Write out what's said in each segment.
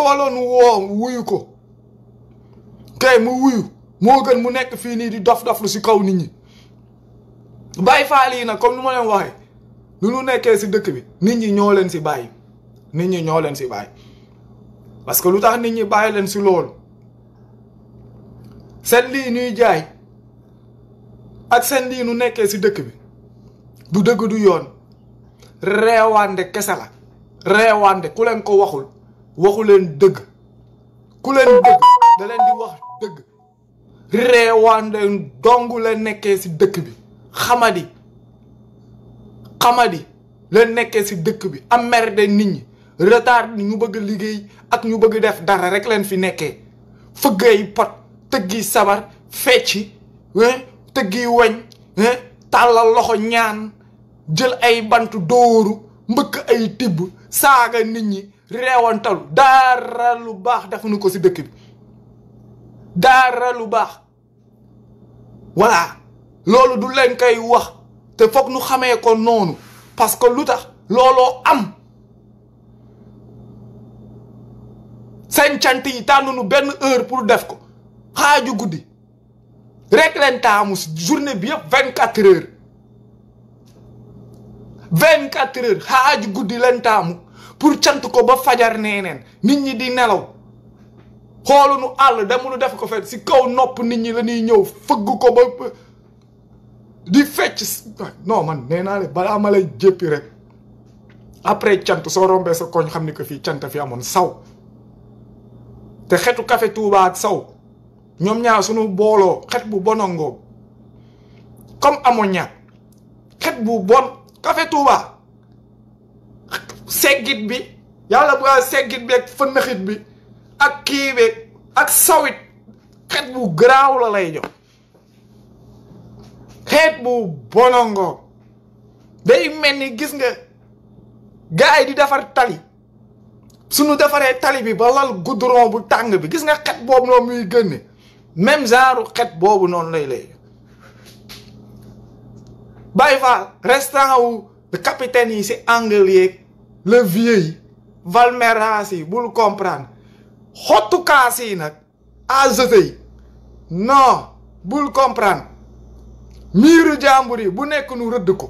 ko waloon woo wuyu ko tey mu wuyu moo gën mu nekk fii nii di dof-doflu si kaw nit ñi bàyyi faal yi nag comme ni ma leen waxee nu nekkee si dëkk bi nit ñi ñoo leen si bàyyi nit ñi ñoo leen si bàyyi que lu tax nit ñi bàyyi leen si loolu seen lii ñuy jaay ak seen lii nu nekkee si dëkk bi du dëgg du yoon reewaande kese la reewaande ku leen ko waxul waxu leen dëgg ku leen dëgg da leen di wax dëgg reewaande dong la nekkee ci dëkk bi xamadi xamadi la nekkee ci dëkk bi emmerde nit ñi retard ñu bëgg liggéey ak ñu bëgg def dara rekk leen fi nekkee fëggay pot tëggi sabar fecci tëggi weñ tàllal loxo ñaan jël ay bant dóoru mbëkk ay tibb saaga nit ñi reewantalu daara lu baax defuñu ko si dëkk bi daara lu baax waa loolu du leen koy wax te foog nu xamee ko noonu parce que lu tax looloo am seen cant yi tànnuñu benn heure pour def ko xaaju guddi rek leen taamu journée bi yëpp vingt quatre heures vingt quatre heures xaaju guddi leen taamu pour cant ko ba fajar neen nit ñi di nelaw xoolu nu àll dama nu def ko fet si kaw nopp nit ñi la ñuy ñëw fëgg ko ba di fecc non nee naa le balaa ma jéppi rek après cant soo rombee sa koñ xam ni ko fii cant fi amoon saw te xetu café Touba ak saw ñoom ñaar suñu booloo xet bu bonongoo comme amoon ñaar xet bu bon café Touba seggit bi yàlla bu gaa seggit bi ak fënnaxit bi ak kii bi ak sawit xeet bu garaaw la lay jo xeet bu bonongo day mel ni gis nga gars yi di defar tali suñu defaree tali bi ba lal goudron bu tàng bi gis nga xet boobu noonu muy boobu noonu lay lay bàyyi fa restaurant wu capitaine yi si angle yeeg le vieux yi valmerance yi bul comprendre xottukaas yi nag azote yi non bul comprendre miiru jàmbur yi bu nekk nu rëdd ko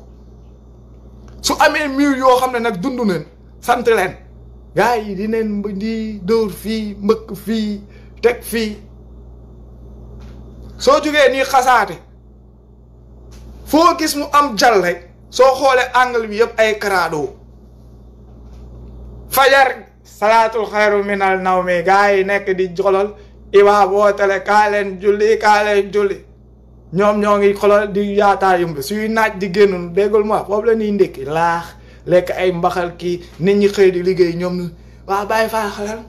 su amee miir yoo xam ne nag dund nañ sant leen gars yi di neen di dóor fii mbëkk fii teg fi soo jugee nii xasaate foo gis mu am jal rek soo xoolee angle bi yëpp ay karaadoo fajar salaatul xayru minal naw mi gars yi nekk di xolol imaam wootale kaa leen julli kaa leen julli ñoom ñoo ngi xolol di yaataa yumbi suy naaj di génn déggul ma foofu la ñuy ndékki laax lekk ay mbaxal kii nit ñi xëy di liggéey ñoom ñu waa bàyyi faa xalal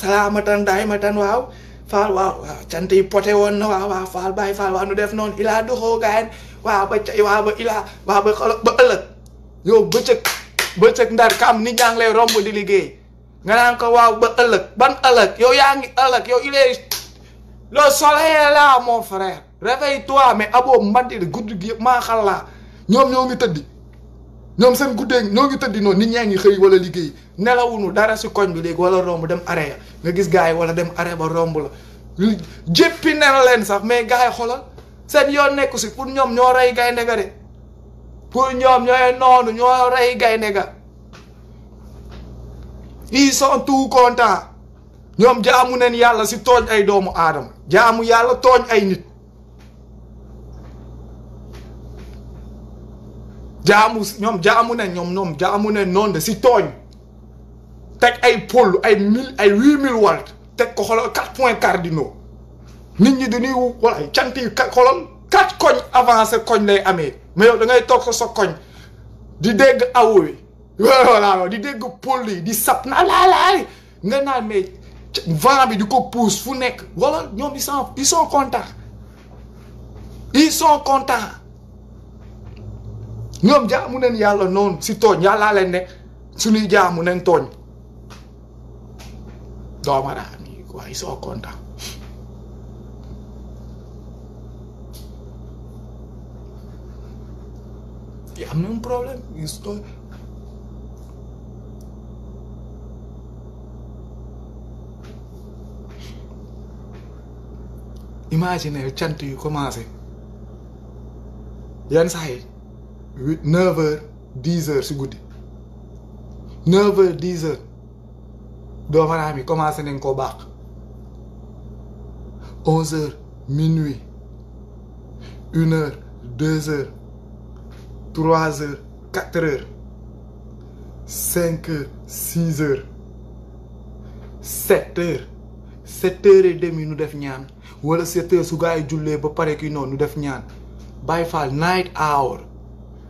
salaamatan daay matan waaw faal waaw waaw cant poté woon na waaw waaw faal bàyyi faal waaw nu def noonu ilaa doxoo gaayen waaw ba ilaa waaw ba xolo ba ëllëg yow bëccëg bëccëg ndar kam ni ñaa lay romb di liggéey nga naan ko waaw ba ëllëg ban ëllëg yow yaa ngi ëllëg yow il est le soleil est là mon frère réveille-toi mais aboo mbandi gi yëpp maa xal ñoom ñoo ngi tëddi ñoom seen guddee ñoo ngi tëddi noonu nit ñaa ngi xëy wala liggéey nelawunu dara si koñ bi léegi wala romb dem arrêt nga gis gars yi wala dem arrêt ba romb la jéppi nena leen sax mais gars yi xoolal seen yoon nekku si pour ñoom ñoo rey gaynde ga de pour ñoom ñooy noonu ñoo rey gaynde ga ils sont tout contents ñoom jaamu neen yàlla si tooñ ay doomu aadama jaamu yàlla tooñ ay nit jaamu ñoom jaamu neen ñoom ñoom jaamu neen noonu de si tooñ teg ay pôle ay mille ay huit mille volts teg ko xoolal quatre points cardinaux nit ñi dañuy wala cant yi xoolal quatre koñ avancé koñ lay amee. mais yow da ngay toog sa sa koñ di dégg awo yi voilà di dégg pôl yi di sap na nga naan mais vent bi di ko pousse fu nekk wala ñoom ils sont ils sont contents ils sont contents ñoom jaamu neen yàlla noon si tooñ yàllaa leen su suñuy jaamu neen tooñ doomu waaye ils sont contents Il y a un problème y estoy Imaginez le chant y cómo hace ya no sabe 9 10 si bon. 9 10 h mara mi cómo hace en cobac 11 h minuit 1 h 2 h trois heures quatre heures cinq heures six heures sept heures sept heures et nu def ñaan wala sept heures su gaa yi jullee ba pare ki noonu nu def ñaan Baay Faal night hour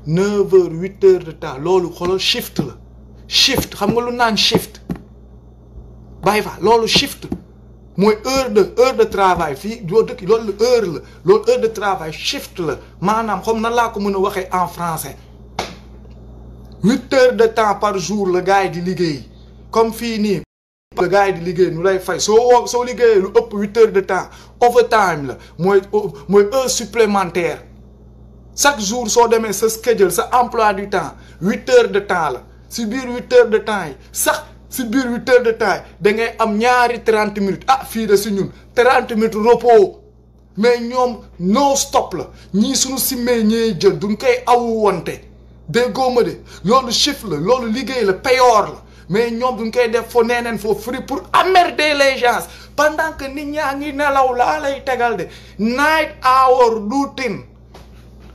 neuf heures huit heures de temps loolu xoolal shift la shift xam nga lu naan shift Baay Faal loolu shift moy heure de heure de travail fi do deuk lolou heure heure de travail shift la manam xom nan la ko meuna waxe en français 8 heures de temps par jour le gars di liguey comme fini le gars di liguey nou lay fay so so 8 heures de temps overtime la moy moy heure supplémentaire chaque jour so demé ce schedule ce emploi du temps 8 heures de temps la si 8 heures de temps si biir huit heures de temps dangay am ñaari trente minutes ah fii de si ñun trente minutes repos mais ñoom non stop la ñii suñu simmee ñee jël duñ koy awu wante déggoo ma de loolu chiffre la loolu liggéey la payoor la mais ñoom duñ koy def fo neeneen foo fri pour emmerder les gens pendant que nit ñaa ngi nelaw laa lay tegal de night hour routine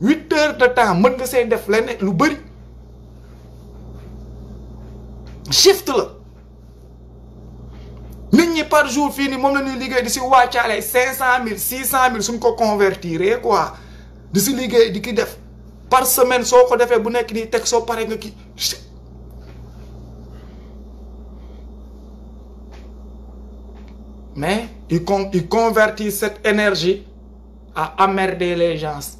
8 heures de temps, Je nga def lene lu bari shift la ñi par jour fini moom la ñuy 500 000... 600 000... suñ ko convertiré quoi di ki def par semaine soo ko defee bu nekk nii teg soo nga mais il convertit cette énergie à emmerder les gens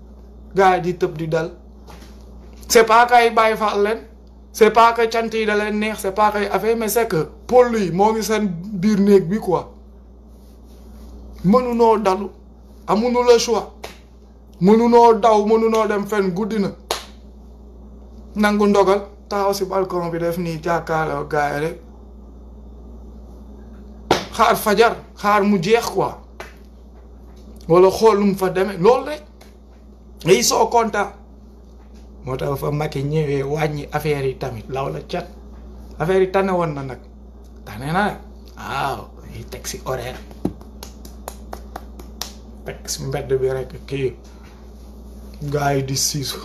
gars yi di tëb di dal c'est pas que ay bàyyi leen c'est pas que cant yi da leen neex c'est pas que ay affaire mais c'est yi moo ngi seen biir néeg bi quoi mënunoo dalu amuñu le choix mënunoo daw mënunoo dem fenn guddi na nangu ndogal taxaw si balcon bi def nii jàkkaarloo gars yi rek xaar fajar xaar mu jeex quoi wala xool lu fa demee loolu rek. ils sont contents moo tax fa Macky ñëwee wàññi affaire yi tamit law la cat affaire yi tane woon na nag tane na waaw dañuy teg si horaire teg mbedd bi rek kii gars di siisu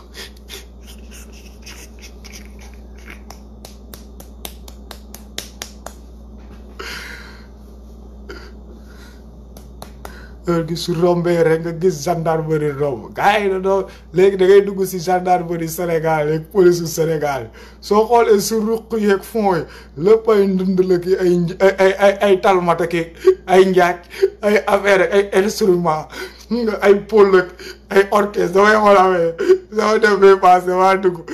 heure gi su rombee rek nga gis gendarmerie romb gars yi dañoo léegi da ngay dugg si gendarmerie Sénégal yeeg police su Sénégal soo xoolee su ruq yeeg fond yi lépp ay la ki ay ay ay ay talmata ki ay njaaj ay affaire ay instrument ay pôl ay orchestre damay xoolawee dama def ba passé waa dugg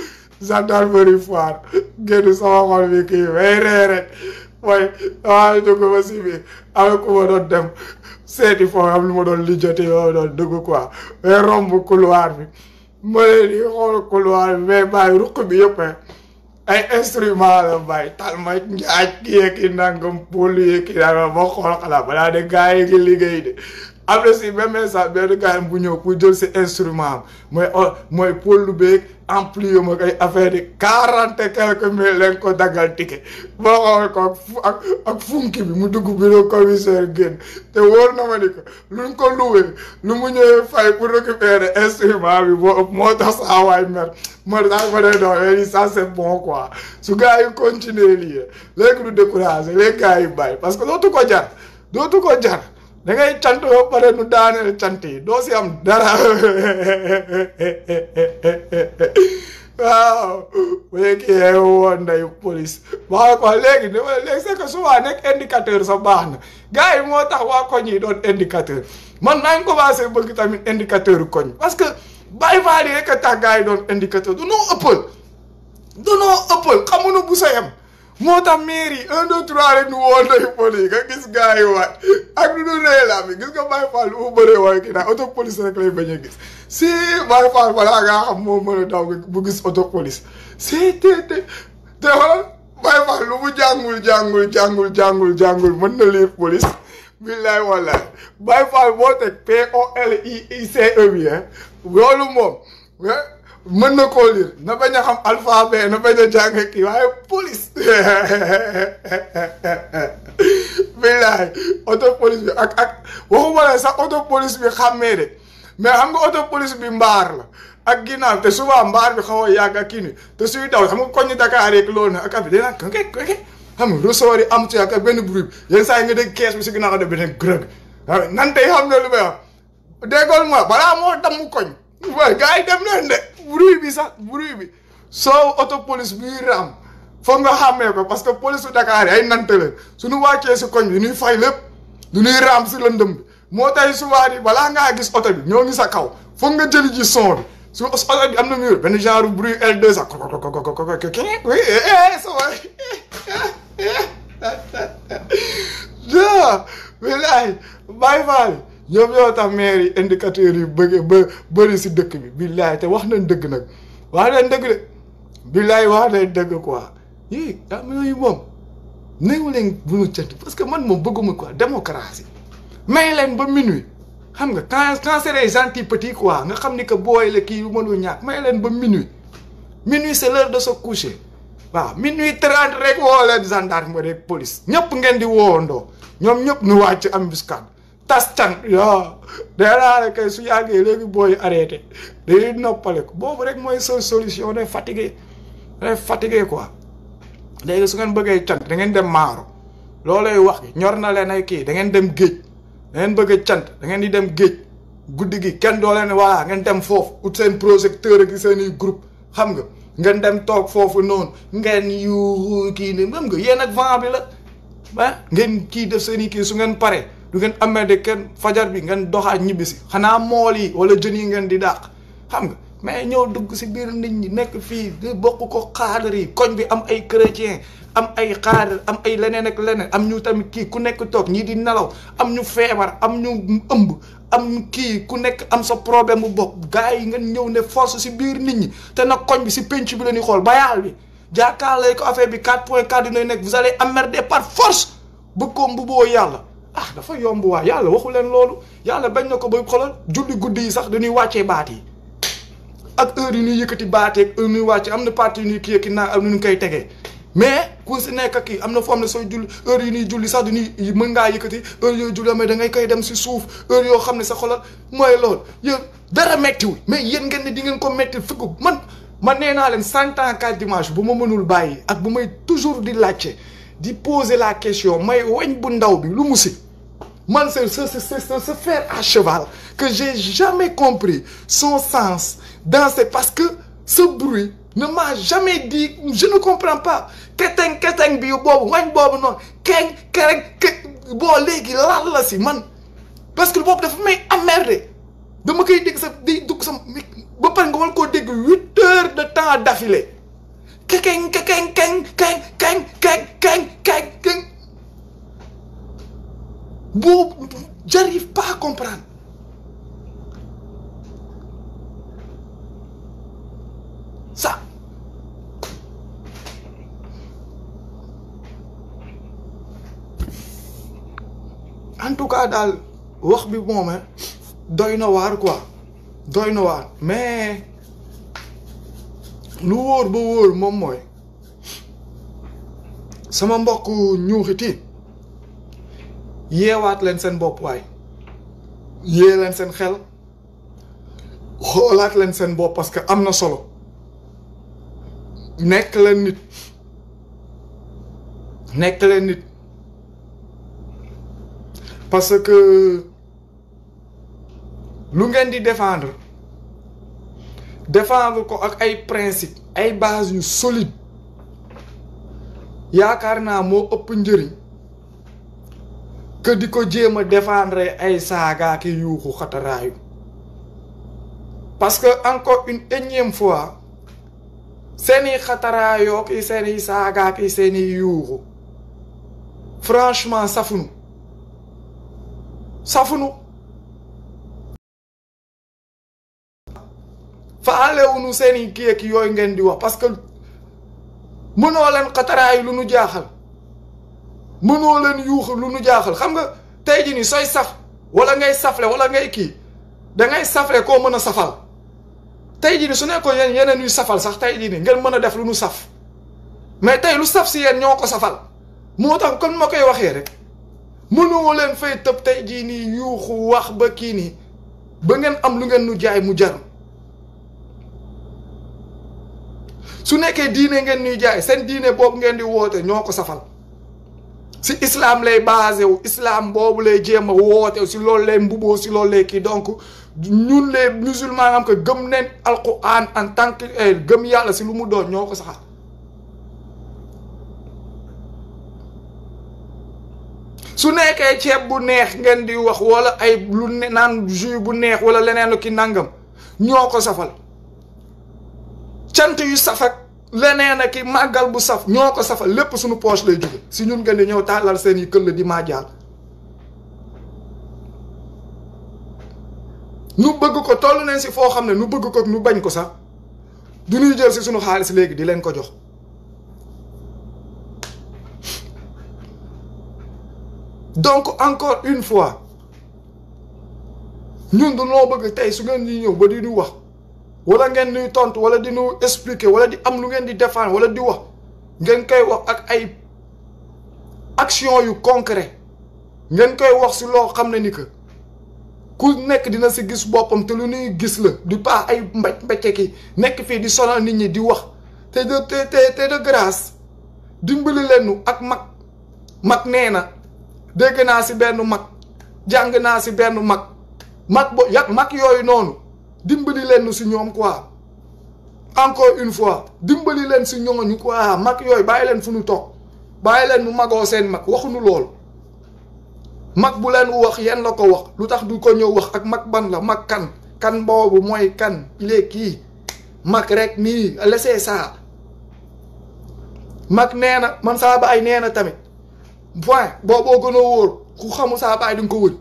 gendarmerie foire génn sama xol bi kii bay ree mooy waaw dugg ma si biir am ku ma doon dem seeti foofu am lu ma doon lijjati yoo doon dugg quoi mais romb couloir bi ma leen di xool couloir bi mais bàyyi ruq bi yëpp ay instrument la bàyyi tal njaaj ki yeeg i nangam pôl yeeg i nangam ma xool xalaat balaa de gars yi liggéey de am na si même instant benn gars bu ñëw pour jël si instrument am mooy oh, mooy Paul Loubet ampli am ak ay yi quarante quelque mille lañ ko daggal ticket ko ak ak bi mu dugg bureau commissaire génn te wóor na ma ni ko luñ ko loué lu mu ñëwee fay pour récupérer instrument bi moo tax saa mer ma daal ma lay doon ça c'est bon quoi su gars yi parce que dootu ko jar dootu ko jar. da ngay cant ba pare yi doo si am dara waaw léegi woon nday police wax ko léegi dama léegi c'est que souvent nekk indicateur sa baax na gars yi moo tax waa koñ yi doon indicateur man naa ngi commencé bëgg tamit indicateur koñ parce que bàyyi faal yi rek a tax gars yi doon indicateur du ëppal dunoo ëppal xamuñu bu sa yem moo tax mairie un deux trois a ñu woo ndeyu poli nga gis gars yi waay ak lu dul rëy laa mi gis nga Baye Fall lu mu bëree waay kii daal auto police rek a gis si Baye Fall balaa ngaa xam mën a daw bu gis auto police si te te te xoolal Baye Fall lu mu jàngul jàngul jàngul jàngul jàngul mën na lire police billaay wallaay Baye Fall boo teg P O L I I C E bi loolu moom. mën na koo na bañ a xam alphabet a jàng kii waaye police billaay auto bi ak ak waxuma la sax auto police bi xàmmee de mais xam nga auto bi mbaar la ak ginnaaw te souvent mbaar bi xaw a yàgg kii nii te suy daw xam nga koñ Dakar yeeg loolu nag ak affaire yi dañ naan kii xam nga ressort yi am ci ak benn bruit bi yenn saa yi nga bi si ginnaaw def beneen grëg nan tey xam na lu may wax déggoon ma balaa moo damm koñ waaye gars dem leen de. bruit bi sax bruit bi soo oto police bi ñuy raam foog nga xàmmee ko parce que police su Dakar yi ay nante la suñu koñ bi ñuy fay lépp du ñuy raam si lëndëm bi moo tey suwaar yi balaa ngaa gis oto bi ñoo ngi sa kaw foog nga jëli so son bi su bi am na mur benn genre bruit L2 sax ko ko ko ñoom ñoo tax maire yi indicateurs yi bëgg ba bëri si dëkk bi billaay te wax na dëgg nag wax nañ dëgg de billaay wax nañ dëgg quoi yii am yooyu moom néew leen bu parce que man moom bëgguma quoi démocratie may leen ba minuit xam nga quand quand c'est des gentils petits nga xam ni que booy la kii mënul ñaa may leen ba minuit minuit c'est l'heure de se coucher waaw minuit trente rek woo leen gendarme rek police ñëpp ngeen di woowandoo ñoom ñëpp nu wàcc embuscade tas can yoo nee naa la kay su yàggee léegi booy arrêté dañuy noppale ko boobu rek mooy soo solution day fatigué day fatigué quoi léegi su ngeen bëggee cant da ngeen dem maaro loolay wax ñor na leen ay kii da ngeen dem géej da bëgg cant da ngeen di dem géej guddi gi kenn doo leen waa ngeen dem foofu ut seen projecteur ak seen i groupe xam nga ngeen dem toog foofu noonu ngeen yu kii ni xam nga yéen ak vent bi la ah, ngeen kii def seen i kii su ngeen paree du ngeen de ken fajar bi ngeen doxaat ñibbisi xana mool yi wala jën yi ngeen di daq xam nga mais ñëw dugg ci biir nit ñi nek fi de bokk ko xaar yi koñ bi am ay chrétien am ay xaar am ay leneen ak leneen am ñu tamit ki ku nek tok ñi di nalaw am ñu feebar am ñu ëmb am ki ku nek am sa problème bok gaay yi ngeen ñew ne force ci biir nit ñi te nak koñ bi ci penc bi la xol xool bi jàkkaarloo ko affaire bi 4.4 point nek vous allez emmerder par force bu ko mbubo yalla ah dafa yomb waa yàlla waxu leen loolu yàlla bañ na ko ba xolal julli guddi yi sax dañuy wàccee baat yi ak heure yu ñuy yëkkati baatee ak heure am na partie yu ñuy naa am nu ñu koy tegee mais ku si nekk ak am na am ne sooy julli heure yu ñuy julli sax du ñuy mën ngaa yëkkati heure yooyu julli mais da ngay koy dem si suuf heure yoo xam ne sa xolal mooy lool yéen dara méttiwul mais yéen ngeen ne di ngeen ko métti fukk man man nee naa leen cent ans dimanche bu ma mënul bàyyi ak bu may toujours di laajte di poser la question mais weñ bu ndaw bi lu c'est se faire à cheval que j'ai jamais compris son sens dans c'est parce que ce bruit ne m'a jamais dit je ne comprends pas keteng keteng bi boobu weñ boobu non. keng kereng ke boo léegi la si man parce que boobu dafa may de dama de dégg sa que dugg sa ba pare nga war koo dégg huit heures de temps d'affilée keng keng keng keng keng keng keng keng keng boo en tout cas daal wax bi moom eh, doy na waar quoi doy na waar mais lu wóor ba wóor moom mooy sama mbokk ñuuxiti yeewaat leen seen bopp waay yee leen seen xel xoolaat leen seen bopp parce que am na solo nekk leen nit nekk leen nit parce que lu ngeen di defendre défendre ko ak ay principe ay base yu solide Y'a naa mo ëpp que diko ko défendre ay saga ki yuuxu khataray parce que encore une énième fois seeni xataraayoo ki seni saga ki seni yuuxu franchement safunu safunu wunu seeni kia ak yoy ngeen di wax parce que mëno leen xataraay lu nu jaaxal mëno leen yuux lu nu jaaxal xam nga tay ji ni soy saf wala ngay safle wala ngay ki da ngay safle ko mëna safal tay ji ni su nekkoon yéen yeneen yuy safal sax tay ji ni ngeen mëna def lu nu saf mais tay lu saf si yeen ñoo ko safal moo tax kon ma koy waxee rek mënoo leen fay tëb tay ji ni yuuxu wax ba kii ni ba ngeen am lu ngeen nu jaay mu su nekkee diine ngeen ñuy jaay seen diine boobu ngeen di woote ñoo ko safal si islaam lay basé wu islam boobu lay jéem a woote si loolu lay mbuboo si loolu lay kii donc ñun les musulmans am que gëm neen alquran en tant que eh, gëm yàlla si lu mu doon ñoo ko saxal su nekkee ceeb bu neex ngeen di wax walla ay lu naan jus bu neex wala leneen ki nangam ñoo ko safal cant yu safak leneen ak magal bu saf ñoko safa lepp suñu poche lay jugge si ñun gënë ñew ñëw seen yi keul di maajaal ñu bëgg ko tollu neen ci fo xamne ñu bëgg ko ñu bañ ko sax du ñu jël ci suñu xaaliss legi di leen ko jox donc encore une fois ñun du no bëgg tay su ngeen ñuy ñew ba di ñu wax wala ngeen nuy tontu wala di nu expliquer wala di am lu ngeen di défendre wala di wax ngeen koy wax ak ay action yu concret ngeen koy wax ci lo xamne ni ke ku nek dina ci gis bopam te lu nuy gis la du pas ay mbacc mbacc ki nek fi di solo nit ñi di wax te de te te te de grâce dimbali nu ak mak neena nee na ci si benn mak jang na si benn mak mak bo yak mak yooyu nonu dimbali len ci ñom quoi encore une fois dimbali leen si ñooñu quoi mak yoy bay len fu ñu toog bàyyi leen mu magoo seen mag waxuñu lool mak bu len wax yeen la ko wax lutax du ko ñëw wax ak mak ban la mak kan kan bobu moy kan il est qui mak rek ni laissez ça mak neena man sa baay nee na tamit point bobo gën wor ku xamu sa bay di ko wëñ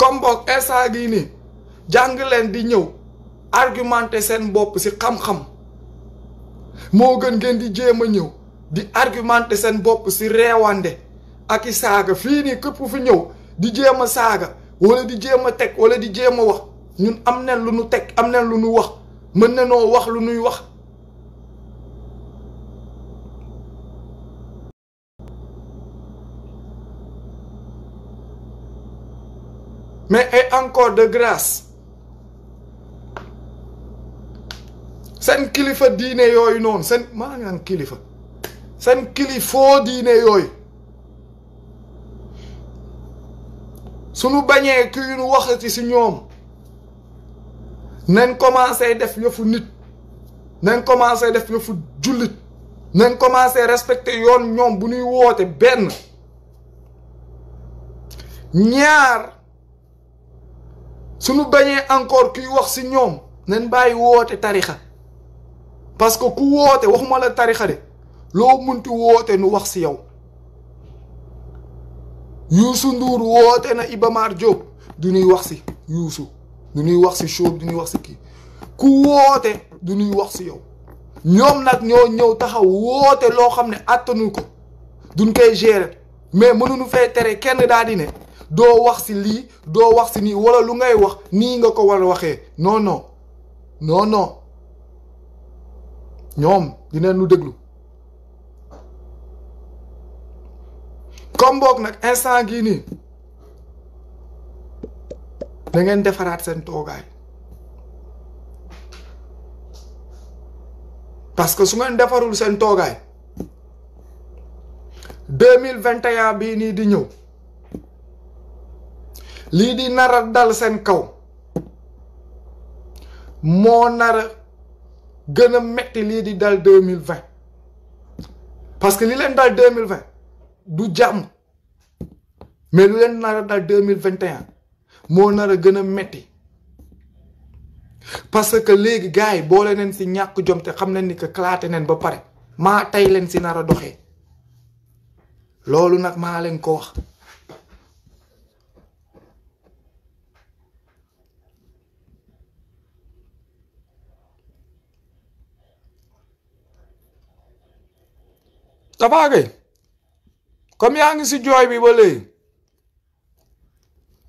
kombok esa gi ni jang len di ñew argumenter sen bop si xam-xam mo gën gën di jema ñew di argumenter sen bop si rewande, ak saga fi ni kep fu ñew di jema saga oleh wala di jema tek oleh wala di jema wax ñun am tek, lu nu wah, am nen lu nu wax mën na wax lu nuy wax mais est encore de grâce seen kilifa diine yooyu noonu seen maa ngi naan kilifa seen kilifoo diine yooyu suñu bañee kii nu waxati ci ñom. nañ commencé def yëfu nit nañ commencé def yëfu julit. nañ commencé respecter yoon ñom bu ñuy woté ben. ñaar suñu bañee encore kuy wax si ñoom nañ bàyyi woote tarixa parce que ku woote waxuma la tarixa de loo munti woote nu wax si yow Youssou Ndour woote na Iba Mar du ñuy wax si yuusu du ñuy wax si Choub du ñuy wax si kii ku woote du ñuy wax si yow ñoom nag ñoo ñëw taxaw woote loo xam ne àttanu ko duñ koy gérer mais mënuñu fay tere kenn daal di ne do wax ci li do wax ci ni wala lu ngay wax ni nga ko war waxe non non non non ñom dinañ nu déglu comme boog nag instant gi ni da ngeen defaraat sen togaay parce que su ngeen defarul sen togaay 2021 bi ni di ñew lii di nar a dal seen kaw moo nar a gën a metti lii di dal deux mille vingt parce que li leen dal deux mille vingt du jàmm mais lu leen nar a dal deux mille vingt et moo nar a gën a metti parce que léegi gars yi boole neen si ñàkk jom te xam nañ ni que claate neen ba pare maa tey leen si nar a doxee loolu nag maa leen ko wax. Tapha Gueye comme yaa ngi si jooy bi ba léegi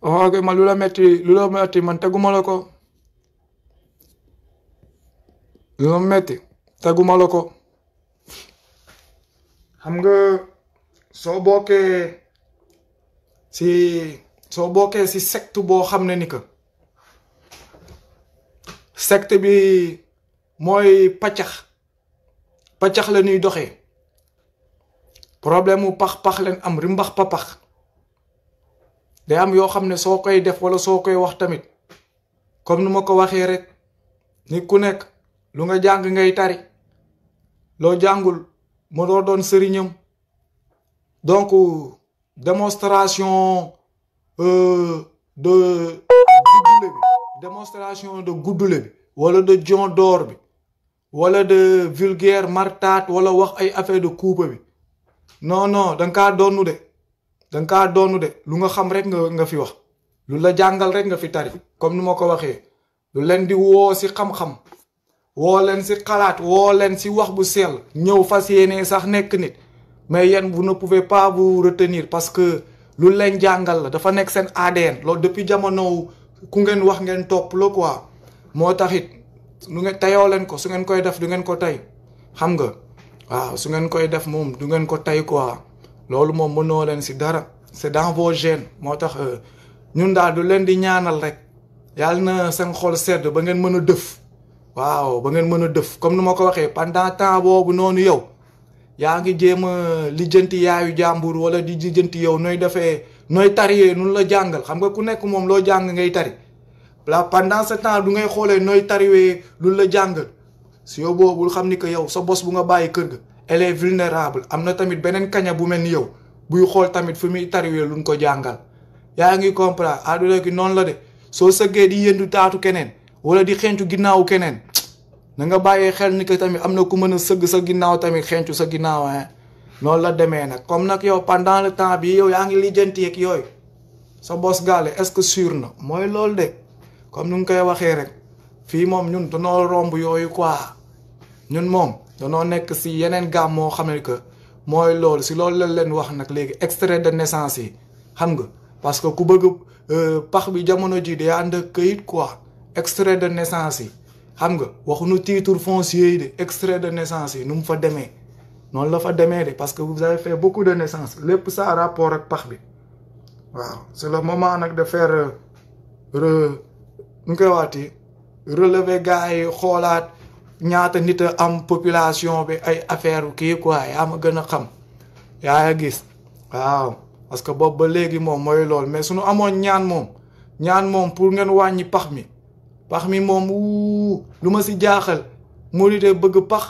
oh, ma lu la metti lu la metti man teguma la ko lu la metti teguma la ko xam nga soo bokkee si soo bokkee si secte boo xam ne ni que secte bi mooy paccax paccax la ñuy doxee problème mu pax pax len am rimbax pax day am yo xamne ne koy def wala soo koy wax tamit comme numa ko waxe rek ni ku nek lu nga jang ngay tari lo jangul mo do don serignam donc démonstration euh, de guddule bi démonstration de goudoule bi wala de jondor dorbi, bi wala de vulgaire martat, wala wax ay affaire de coupe bi non non dang ka doonu de dang ka doonu de lu nga xam rek nga nga fi wax lu la jangal rek nga fi tari comme numa ko waxe lu len di wo ci xam xam wo len ci xalaat wo len ci wax bu sel ñew fasiyene sax nek nit mais yeen vous ne pouvez pas vous retenir parce que lu len jangal la dafa nek sen ADN lo depuis jamono ku ngeen wax ngeen top lo quoi motaxit nu ngeen tayo len ko su ngeen koy def du ngeen ko tay xam nga waaw su ngeen koy def moom du ngeen ko tey quoi loolu moom mënoo leen si dara c'est dans vos gènes moo tax euh, ñun daal du leen di ñaanal rek yal na seen xool sedd ba ngeen mën a dëf waaw ba ngeen mën a dëf comme ni ma ko waxee pendant temps boobu noonu yow yaa ngi jéem a lijjanti yaayu jàmbur wala di lijjanti yow nooy defee nooy tariyee nun la jàngal xam nga ku nekk moom loo jàng ngay tari la pendant ce temps du ngay xoolee nooy tariwee lu la jàngal si yow boobul xam ni que yow sa bos bu nga bàyyi kër ga elle est vulnérable am na tamit beneen kaña bu mel ni yow buy xool tamit fu muy tariwee luñ ko jàngal yaa ngi comprendre àdduna ah, gi noonu la de soo sëggee di yëndu taatu keneen wala di xencu ginnaawu keneen na nga bàyyee xel ni que tamit am na ku mën a sëgg sa ginnaaw tamit xencu sa ginnaaw hein noonu la demee nag comme nag yow pendant le temps bi yow yaa ngi lijjanti ak yooyu sa bos gaale est-ce que sûr na mooy loolu de comme nu nga koy waxee rek Nous, mom ñun danoo romb yoyu quoi ñun mom danoo nekk que moy si la leen wax extrait de naissance yi parce que ku bëgg bi jamono ji extrait de naissance yi xam nga euh, waxunu titre foncier de extrait de naissance Nous, de parce que vous avez fait beaucoup de naissances. lepp ça rapport c'est le moment de faire euh, re relever gars yi xoolaat ñaata nit am population bi ay affaire kii quoi yaa ma gën a xam yaa gis waaw parce que boobu ba léegi moom mooy lool mais suñu amoon ñaan moom ñaan moom pour ngeen wàññi pax mi pax mi moom wuu lu ma si jaaxal Mouride bëgg pax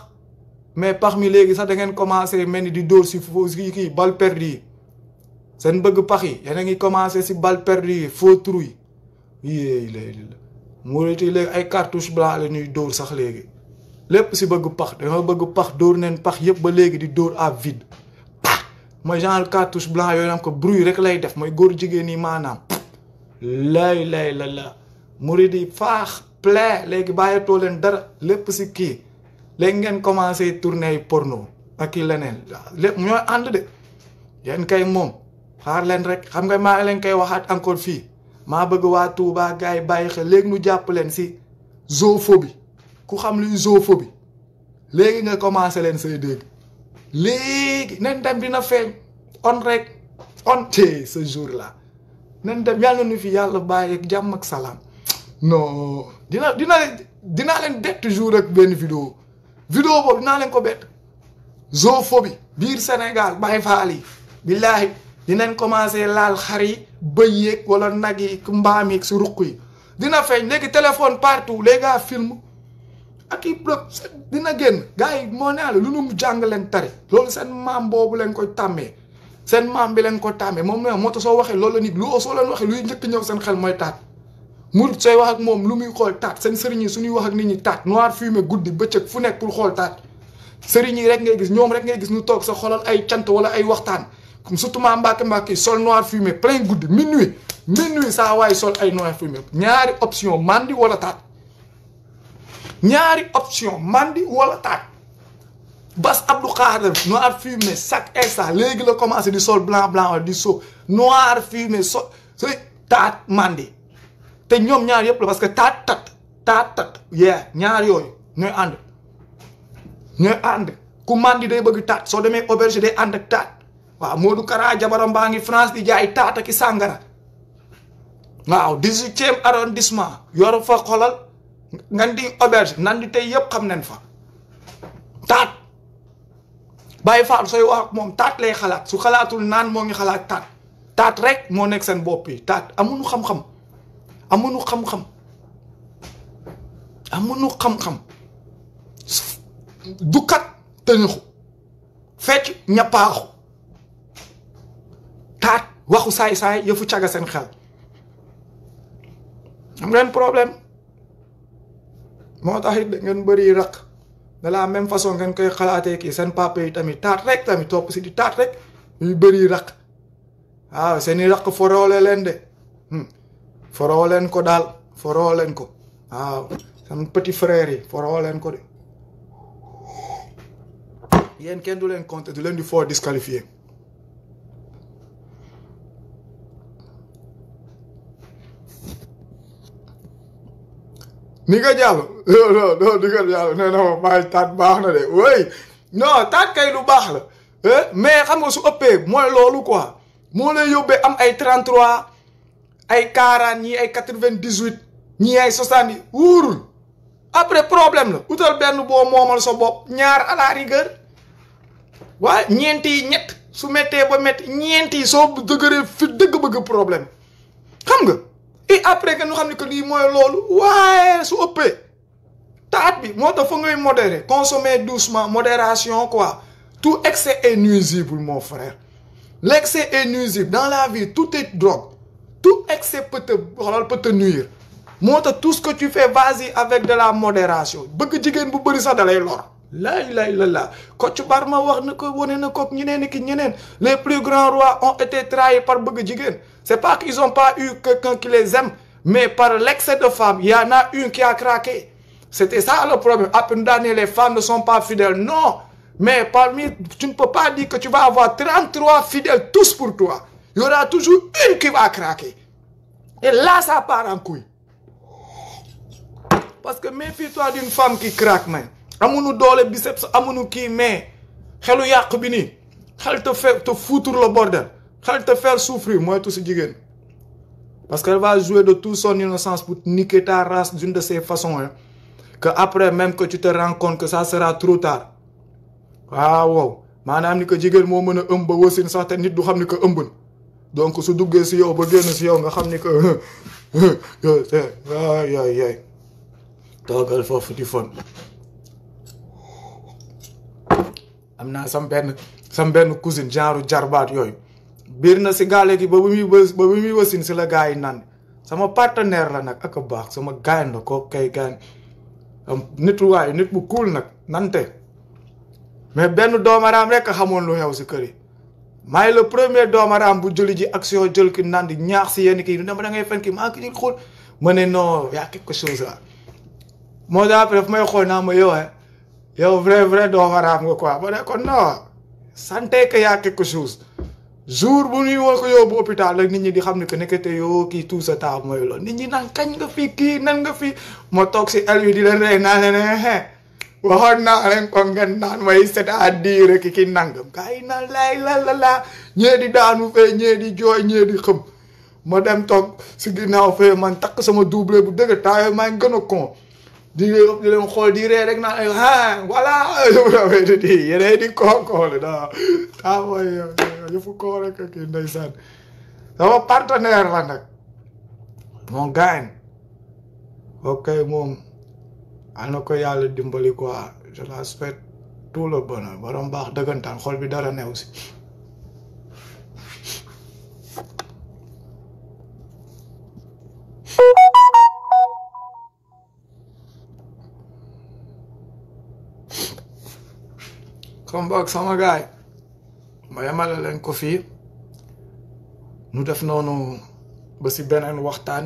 mais pax mi léegi sax da ngeen commencé mel ni di dóor si si kii bal perdu yi seen bëgg pax yi yéen a ngi commencé si bal perdu yi foo trou yi yéey la murit yi léegi ay cartouche blanc la ñuy dóor sax léegi lépp si bëgg pax dañoo bëgg pax dóor neen pax yëpp ba léegi di dóor à vide pax mooy genre cartouche blanc yooyu nag ko bruit rek lay def mooy góor jigéen yi maanaam lay lay la la murit yi faax plein léegi bàyyatoo leen dara lépp si kii léegi ngeen commencé tourner porno ak kii leneen lépp ñooy ànd de yéen kay moom xaar leen rek xam nga maa ngi leen koy waxaat encore fii maa bëgg waa Touba gars yi bàyyi xel léegi nu jàpp leen si zoophobie ku xam luy zoophobie léegi nga commencé leen say dégg léegi nen dem dina feeñ on rek on te ce jour la nen dem yàlla nu fi yàlla bàyyi ak jàmm ak salaan non dina dina dinaa leen bett jour ak benn vidéo vidéo boobu dinaa leen ko bett zoophobie biir Sénégal bàyyi faal yi billaahi dinañ commencé laal xar yi bëy yeeg wala nag yi mbaam yi si ruq yi dina feeñ léegi téléphone partout les gars film ak i dina génn gars yi moo ne lu nu jàng leen tari loolu seen maam boobu leen ko tàmmee seen maam bi leen ko tàmmee moom la moo soo waxee loolu la nit lu soo leen waxee luy ñëw seen xel mooy taat mu sooy wax ak moom lu muy xool taat seen sëriñ su ñuy wax ak nit ñi taat noir fumé guddi bëccëg fu nekk pour xool taat sëriñ yi rek ngay gis ñoom rek ngay gis ñu toog sa xolal ay cant wala ay waxtaan surtout maa Mbàkke Mbàkke yi sol noir fumé plein guddi minuit minuit saa waay sol ay noir fumé ñaari option mandi wala taat ñaari option mandi wala taat Bass Abdou Khadre noir fumé chaque instant léegi la commencé di sol blanc blanc di so noir fumé so taat mandi te ñoom ñaar yëpp la parce que taat tat taat tat yeah ñaar yooyu ñooy ànd ñooy ànd ku mandi day bëgg taat soo demee auberge day ànd ak wa Modou Kara jabaram baa France di jaay tata ki sangara waaw 18e arrondissement yoro ya fa xolal ngandi auberge nandi tay yeb yëpp xam nañ fa tat baye faal soy wax mom tat lay xalat su xalatul nan mo ngi xalat tat tat rek mo nek sen bopi tat amunu xam-xam amunu xam-xam amunu xam-xam kat teñu fecc ñapaxu taat waxu saay-saay yëfu caga seen xel am ngeen problème moo tax it ngeen bëri raq de la même façon ngeen koy xalaatee kii seen pape yi tamit taat rek tamit topp si di taat rek yu bëri raq waaw seeni raq foroole leen de hmm. foroo ko daal foroo ko waaw sama petit frère yi leen ko de yéen kenn du leen compter du leen di foo disqualifié ni nga jàll non non non ni nga jàll nee ma maay taat baax na de oui non taat kay lu baax la eh? mais xam nga su ëppee mooy loolu quoi moo lay yóbbee am ay 33 ay 40 ñii ay 98 ñii ay 60 wuurul après problème la utal benn boo moomal sa bopp ñaar à la rigueur waaye ñeenti ñett su mettee ba métti ñeenti soo dëgëree fi dëgg-bëgg problème xam nga. et après que nous avons que lii mooy loolu ouais su opé Mais monte moo tax ngay modérer consommer doucement modération quoi tout excès est nuisible mon frère l'excès est nuisible dans la vie tout est drogue tout excès peut te peut te nuire Montre tout ce que tu fais vas-y avec de la modération bëgg jigéen bu beuri sa dalay les plus grands rois ont été trahis par bëgg jigen. c'est pas qu'ils ont pas eu quelqu'un qui les aime mais par l'excès de femmes il y en a une qui a craqué c'était ça le problème après les femmes ne sont pas fidèles non mais parmi tu ne peux pas dire que tu vas avoir 33 fidèles tous pour toi il y aura toujours une qui va craquer et là ça part en couille parce que méfie-toi d'une femme qui craque même amunu doole biceps amunu kii mais xelu yàq bi nii xel te fe te foutre le bordel xel te faire souffrir tout si jigéen parce qu'elle va jouer de toute son innocence pour niquer ta race d'une de ces façons hein, que après même que tu te rends compte que ça sera trop tard ah, waaw waaw maanaam ni que jigéen moo mën a ëmb ba wasin sax te nit du xam ni que ëmb donc su duggee si yow ba génn si yow nga xam ni que yow yow yow toogal foofu di fon am naa sam benn sam benn cousine genre jarbaat yooyu biir na si gaale gi ba bu muy ba bu muy wasin si la gars yi naan sama partenaire la nag ak a baax sama gaañ la koo kay gaañ nit waaye nit bu kuul nag nante mais benn doomaraam rek a xamoon lu xew si kër yi maay la premier doomaraam bu jëli ji action jël ki naan ñaax si yenn kii du ne ma da ngay fen kii maa ngi ko xool ma ne non y a quelque chose là moo tax après daf may xool naa ma yow yow vrai vrai doomu araab nga ko non santé que y a bu ñuy woo ko yóbbu hôpital rek nit ñi di xam ne que nekkate yoo kii tout ce temps mooy loolu nit ñi naan kañ nga fi kii nan nga fi moo toog si àll yi di leen rey naa leen eh, waxoon naa leen ko ngeen naan may c'est-à-dire ki ki nangam gaa yi naan laay la la ñee di daanu fee ñee di jooy ñee di xëm ma dem toog si ginnaaw fee man takk sama double bu dëgg taayoo gën a con di di leen xool di ree rek naa ay ah voilà yéenay di kookoole non ah mooy yëfu koo rek kii ndeysaan sama partenaire la nag mon gars ok moom ana ko yàlla dimbali quoi je la souhaite tout le bonheur borom baax dëggantaan xol bi dara neew si comme bok sama gaay ma yemale len ko fi nu def noonu ba ci benen waxtaan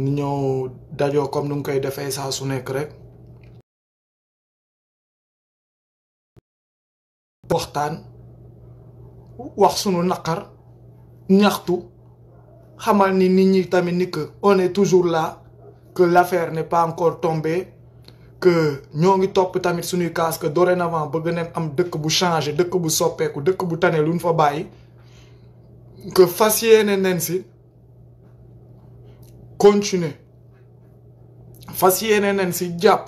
ni ñëw dajoo comme nu ngi koy defee saa su nek rek waxtaan wax suñu nakar ñaxtu xamal ni nit ñi tamit ni que on est toujours là que l'affaire n'est pas encore tombée que ñoo ngi topp tamit suñuy kaas que dorénavant bëgg nañ am dëkk bu changé dëkk bu soppeeku dëkk bu tane lu ñu fa bàyyi que fas yéene nen si continuer fas yéene nen si jàpp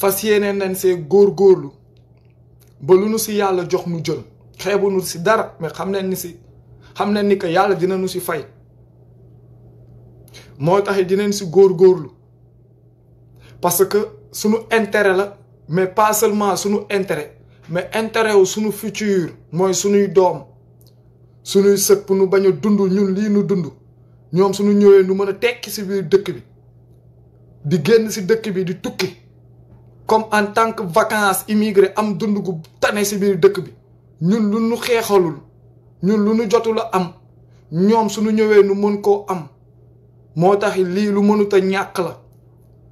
fas yéene nen see góorgóorlu ba lu nu si yàlla jox nu jël xeebu nu si dara mais xam nañ ni si xam nañ ni que yàlla dina nu si fay moo tax taxit dinañ si góor góorlu parce que suñu intérêt la mais pas seulement suñu intérêt mais intéret wu suñu futur mooy suñuy doom suñuy sët nu bañ a dund ñun lii nu dund ñoom suñu ñëwee nu mën a tekki si biir dëkk bi di génn si dëkk bi di tukki comme en tant que vacances immigré am dund gu si biir dëkk bi ñun lu nu xeexalul ñun lu nu jotul a am ñoom suñu ñëwee nu mën koo am moo tax lii lu mënut a ñàkk la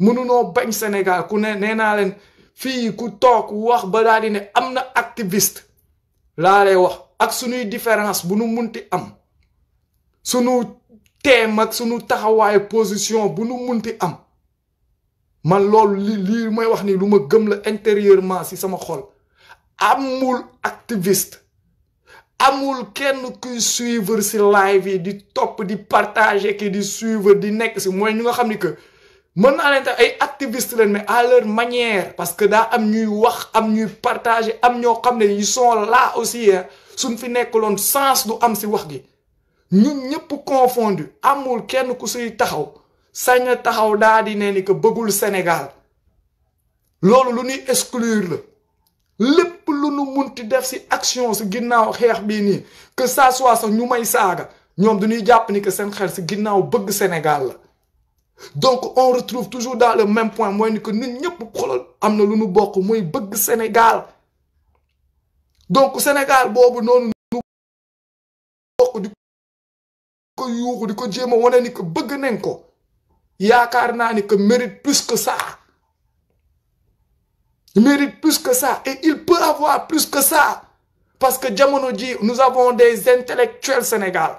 mënunoo bañ Sénégal ku ne nee naa leen fii ku toog wax ba daal di ne am na activiste laa lay wax ak suñuy différence bu nu munti am suñu teem ak suñu taxawaay position bu nu munti am man loolu li lii may wax ni lu ma gëm la intérieurement ci sama xol amul activiste amul kenn kuy suivre ci live yi di topp di partager ki di suivre di nekk ci mooy ñu nga xam ni que mën naa leen tax ay activiste leen mais à leur manière parce que daa am ñuy wax am ñuy partager am ñoo xam ne ils sont là aussi suñ fi nekkuloon sens du am si wax gi ñu ñëpp confondu amul kenn ku suy taxaw sañ a taxaw daa di ne ni que bëggul Sénégal loolu lu ñuy exclure la lépp lu nu munti def si action si ginnaaw xeex bii nii que ça soit sax ñu may saaga ñoom du ñuy jàpp ni que seen xel si ginnaaw bëgg Sénégal la donc on retrouve toujours dans le même point Moi, que nous am Sénégal donc Sénégal nous avons di ni que mérite plus que ça mérite plus que ça et il peut avoir plus que ça parce que nous avons des intellectuels Sénégal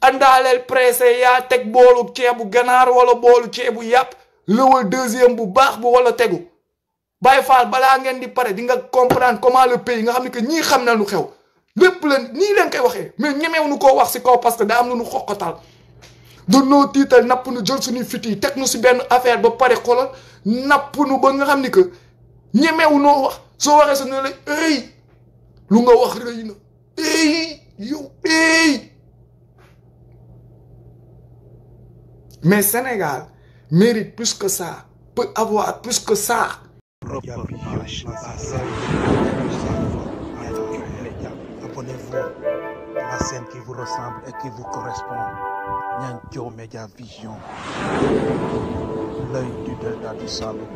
àndaaleel pressé yaa teg boolu ceebu ganaar wala boolu ceebu yàpp lëwal deuxième bu baax bu wala tegu Baye Fall balaa ngeen di pare di nga comprendre comment le pays nga xam ni que ñii xam na lu xew lépp leen nii leen koy waxee mais ñemew nu koo wax si kaw parce que daa am lu nu xoqatal du noo tiital napp nu jël suñuy fit yi teg nu si benn affaire ba pare xoolal napp nu ba nga xam ni que ñemew noo wax soo waxee sa ne la ey lu nga wax rëy na ey yow Mais Sénégal mérite plus que ça, peut avoir plus que ça. Abonnez-vous à la scène qui vous ressemble et qui vous correspond. Vision, l'œil du delta du salon